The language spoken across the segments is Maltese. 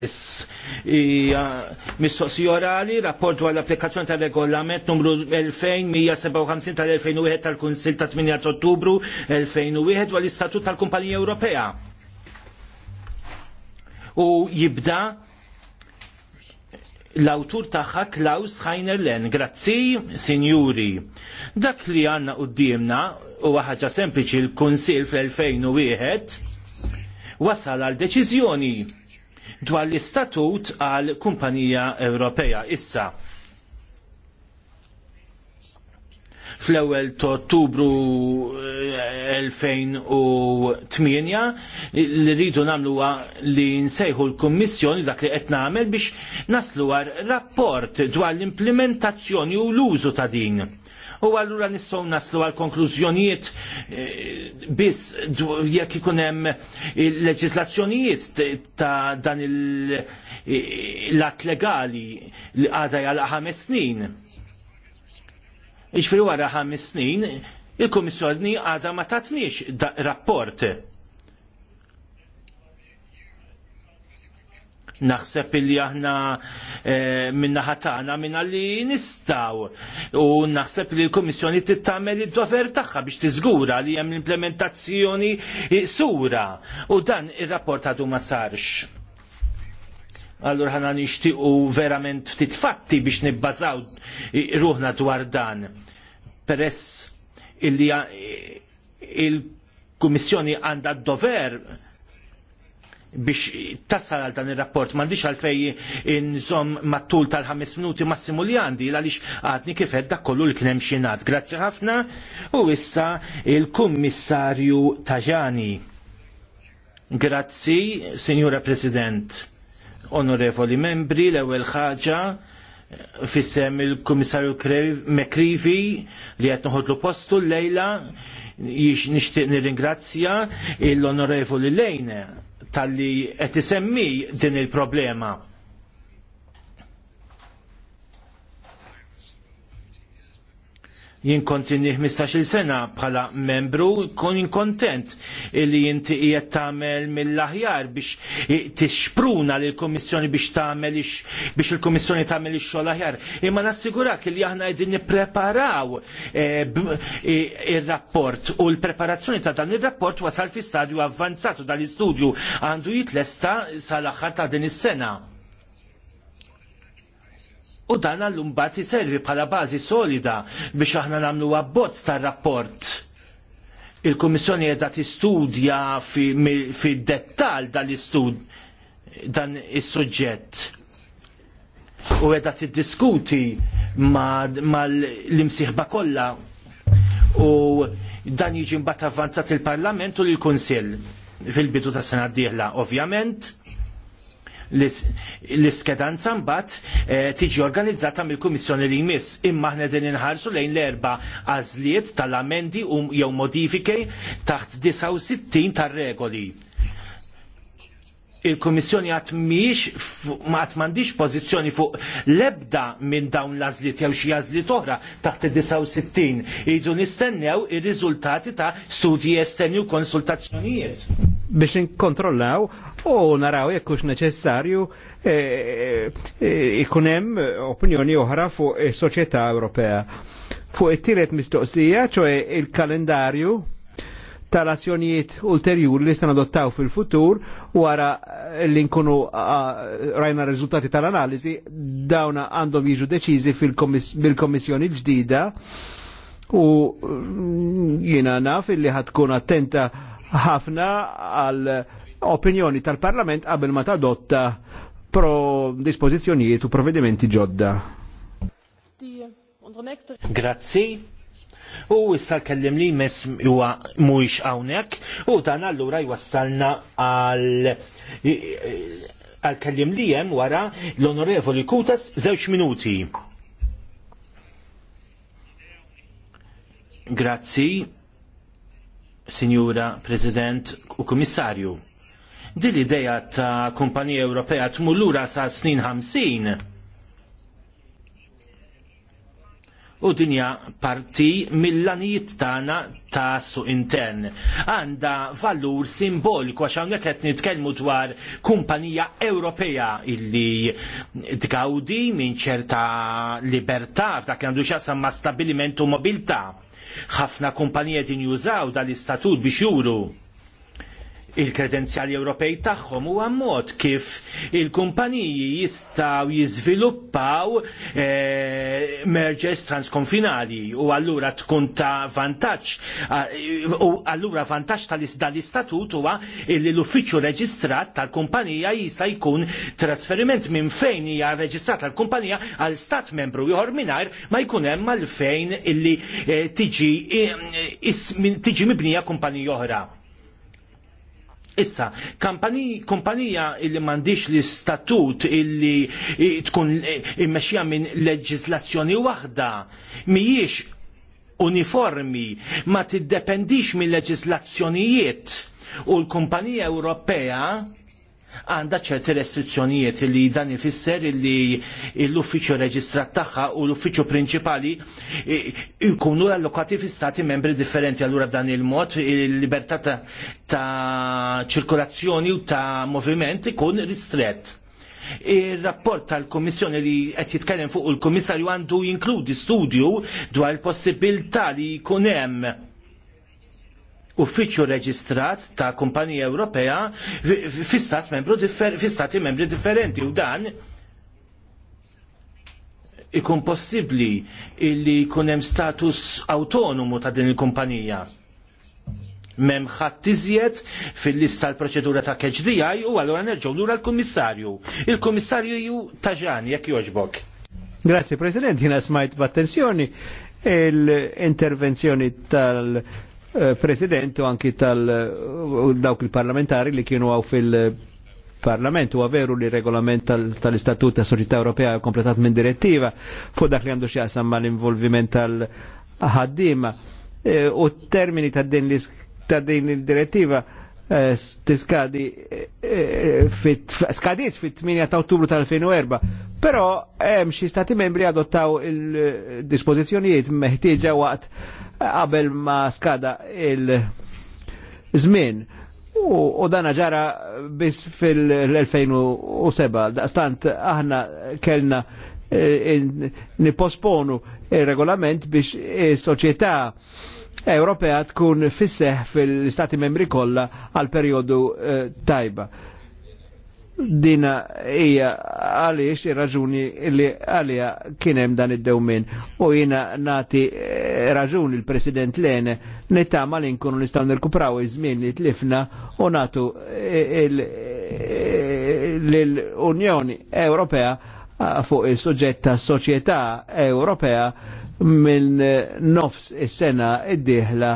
Mistoqsi orali, rapport dwar applikazzjoni tal regolament numru 2157 tal-2001 tal-Kunsil ta' 8 Ottubru 2001 dwar istatut tal-Kumpanija Ewropea. U jibda l-autur taħħa Klaus Heinerlen. Grazzi, sinjuri. Dak li għanna u d dimna u ħaġa sempliċi l-Kunsil fl-2001 wasal għal deċiżjoni dwar l-istatut għal Kumpanija Ewropea. Issa, fl-ewwel ta' Ottubru 2008 eh, li rridu nagħmlu li nsejħu l-Kummissjoni dak li qed nagħmel biex naslu għar rapport dwar l-implementazzjoni u l-użu ta' din. U allura nistgħu naslu għal konklużjonijiet eh, biss jekk ikun hemm eh, leġislazzjonijiet ta' dan l-att legali li għadha għal ħames snin Iġfri wara ħames snin, il-Komissjoni għadha ma tatniex rapport. Naħseb li aħna eh, minna ħatana minna li nistaw u naħseb li l-Komissjoni tittamel id-dover tagħha biex tiżgura li hemm l-implementazzjoni sura u dan ir-rapport għadu ma sarx Allura ħana nixtiqu verament ftit fatti biex nibbażaw ruħna dwar dan. Peress illi eh, il-Kummissjoni għandha d-dover biex tasal għal dan il-rapport, mandiċ għalfej nżom mat-tul tal-5 minuti massimu li għandi, għalix għadni kif edda kollu li kienem xinat. Grazzi ħafna u issa il-Kummissarju Taġani. Grazzi, Signora President onorevoli membri, l-ewwel ħaġa fissem il-Komissarju Mekrivi li għet noħodlu postu l-lejla nishtiq nir-ingrazzja l-Onorevoli Lejne tal-li għet isemmi din il-problema. jien kontini 15 sena bħala membru, kun kontent li jinti qiegħed tagħmel mill-aħjar biex tixpruna l kummissjoni biex tagħmel biex il-Kummissjoni tagħmel ix-xogħol aħjar. Imma nassigurak li aħna qegħdin nippreparaw eh, ir-rapport u l-preparazzjoni ta' dan ir-rapport wasal fi stadju avvanzatu dal-istudju għandu jitlesta sal-aħħar ta' din is-sena. U dan għallum bat jiservi bħala bażi solida biex aħna namlu għabbozz tar-rapport. Il-Kummissjoni qiegħda tistudja fid-dettall dan is-suġġett. U t-diskuti tiddiskuti mal-imsieħba kollha u dan jiġi mbagħad avvanzat il-Parlament u l-Kunsill fil-bidu tas sena d-dieħla. Ovvjament, l-iskedanza mbagħad eh, tiġi organizzata mill-Kummissjoni li jmiss imma ħna din inħarsu lejn l-erba' għażliet tal-amendi jew modifiki taħt 69 tar-regoli il-Komissjoni għat miex għat mandiġ pozizjoni fuq lebda minn dawn lażlit jew xi lażlit oħra taħt 69 idu nistennew ir-riżultati ta' studji estenju konsultazzjonijiet. Biex nkontrollaw, u naraw jekk hux neċessarju eh, eh, eh, ikun hemm opinjoni oħra fuq is-soċjetà Ewropea. Fuq it-tielet mistoqsija, ċoj il-kalendarju tal-azzjonijiet ulterjuri li stan adottaw fil-futur wara li nkunu rajna riżultati tal-analiżi dawna għandhom jiġu deċiżi bil-Kommissjoni ġdida u mm, jiena naf illi ħatkun attenta ħafna għal opinjoni tal-Parlament qabel ma tadotta pro dispożizzjonijiet u provvedimenti ġodda. Grazzi. U issa kellim li mes huwa mhuwiex hawnhekk u dan allura jwassalna għal għal kellim li hemm wara l-Onorevoli Kutas żewġ minuti. Grazzi, Sinjura President u Kummissarju Din l-idea ta' kumpanija Ewropea tmur lura sa' snin 50. u dinja parti mill-lanijiet tagħna ta' suq intern. Għanda valur simboliku għax hawnhekk qed nitkellmu dwar kumpanija Ewropea illi tgawdi minn ċerta libertà f'dak li għandu x'jaqsam ma' stabilimentu mobilità. Ħafna kumpanijiet injużaw dal-istatut biex juru il-kredenzjali Ewropej tagħhom huwa mod kif il-kumpaniji jistgħu jiżviluppaw e, mergers transkonfinali u allura tkun ta' vantaġġ eh, u allura vantaġġ tal-istatut huwa li l-uffiċċju reġistrat tal-kumpanija jista' jkun trasferiment minn fejn hija reġistrat tal-kumpanija għal stat membru ieħor mingħajr ma jkun hemm għalfejn illi eh, tiġi tiġi mibnija kumpanija oħra Issa, kumpanija illi mandiċ li statut illi tkun immexja minn leġislazzjoni waħda mijiex uniformi ma tiddependix minn leġislazzjonijiet u l-kumpanija Ewropea għandha ċerti restrizzjonijiet li dan ifisser li l-uffiċċju reġistrat tagħha u l-uffiċċju prinċipali e, jkunu allokati fi stati membri differenti allura b'dan il-mod il-libertà ta' ċirkolazzjoni u ta' moviment ikun ristret. Il-rapport tal-Komissjoni li qed jitkellem fuq il-Komissarju għandu jinkludi studju dwar il-possibilità li jkun hemm uffiċċju reġistrat ta' kumpanija Ewropea fi stat membru fi stati membri differenti u dan ikun possibbli li jkun hemm status autonomu ta' din il-kumpanija. Mem ħadd iżjed fil-lista l-proċedura ta' KHDI u allura nerġgħu lura l-Kummissarju. Il-Kummissarju Taġani jekk jogħġbok. Grazie President, jina smajt b'attenzjoni l-intervenzjoni tal- Eh, President u anki tal dawk il-parlamentari li kienu għaw fil-parlament u għaveru li regolament tal-istatut tal ta' Soċjetà Ewropea kompletat minn direttiva fu dak li għandu xjaqsam ma' l-involviment tal-ħaddima eh, u termini ta' din ta' din il-direttiva Eh, tiskadi eh, eh, skadiet fit-8 ta' ottubru tal-2004. Però hemm xi stati membri adottaw il-dispożizzjonijiet meħtieġa waqt qabel ma skada il-żmien. U, u dana ġara bis fil-2007, daqstant aħna kellna Eh, eh, niposponu il-regolament biex il-soċieta eh, Ewropea tkun fisseħ fil-Stati membri kollha għal periodu tajba. Dina hija għaliex ir-raġuni li għalija kien hemm dan id-dewmin u jiena nati raġuni l-President Lene nittama li nkunu nistgħu nirkupraw iż-żmien li tlifna u natu l-Unjoni Ewropea fuq il-suġġett ta' soċjetà Ewropea minn nofs is-sena id-dieħla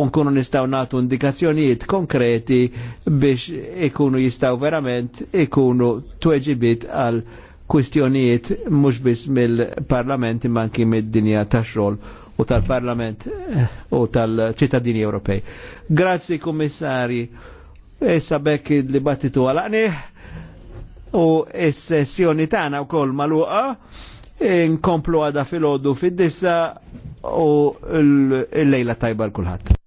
unkunu nistaw nistgħu nagħtu indikazzjonijiet konkreti biex ikunu jistgħu verament ikunu tweġibit għal kwistjonijiet mhux biss mill-Parlament imma anki mid-dinja tax-xogħol u tal-Parlament eh, u tal-ċittadini Ewropej. Grazzi kummissari, issa bekk il-dibattitu għalaqnieh u s-sessjoni tagħna wkoll maluqa nkomplu għada fil fid-dissa u l-lejla tajba l-kulħadd.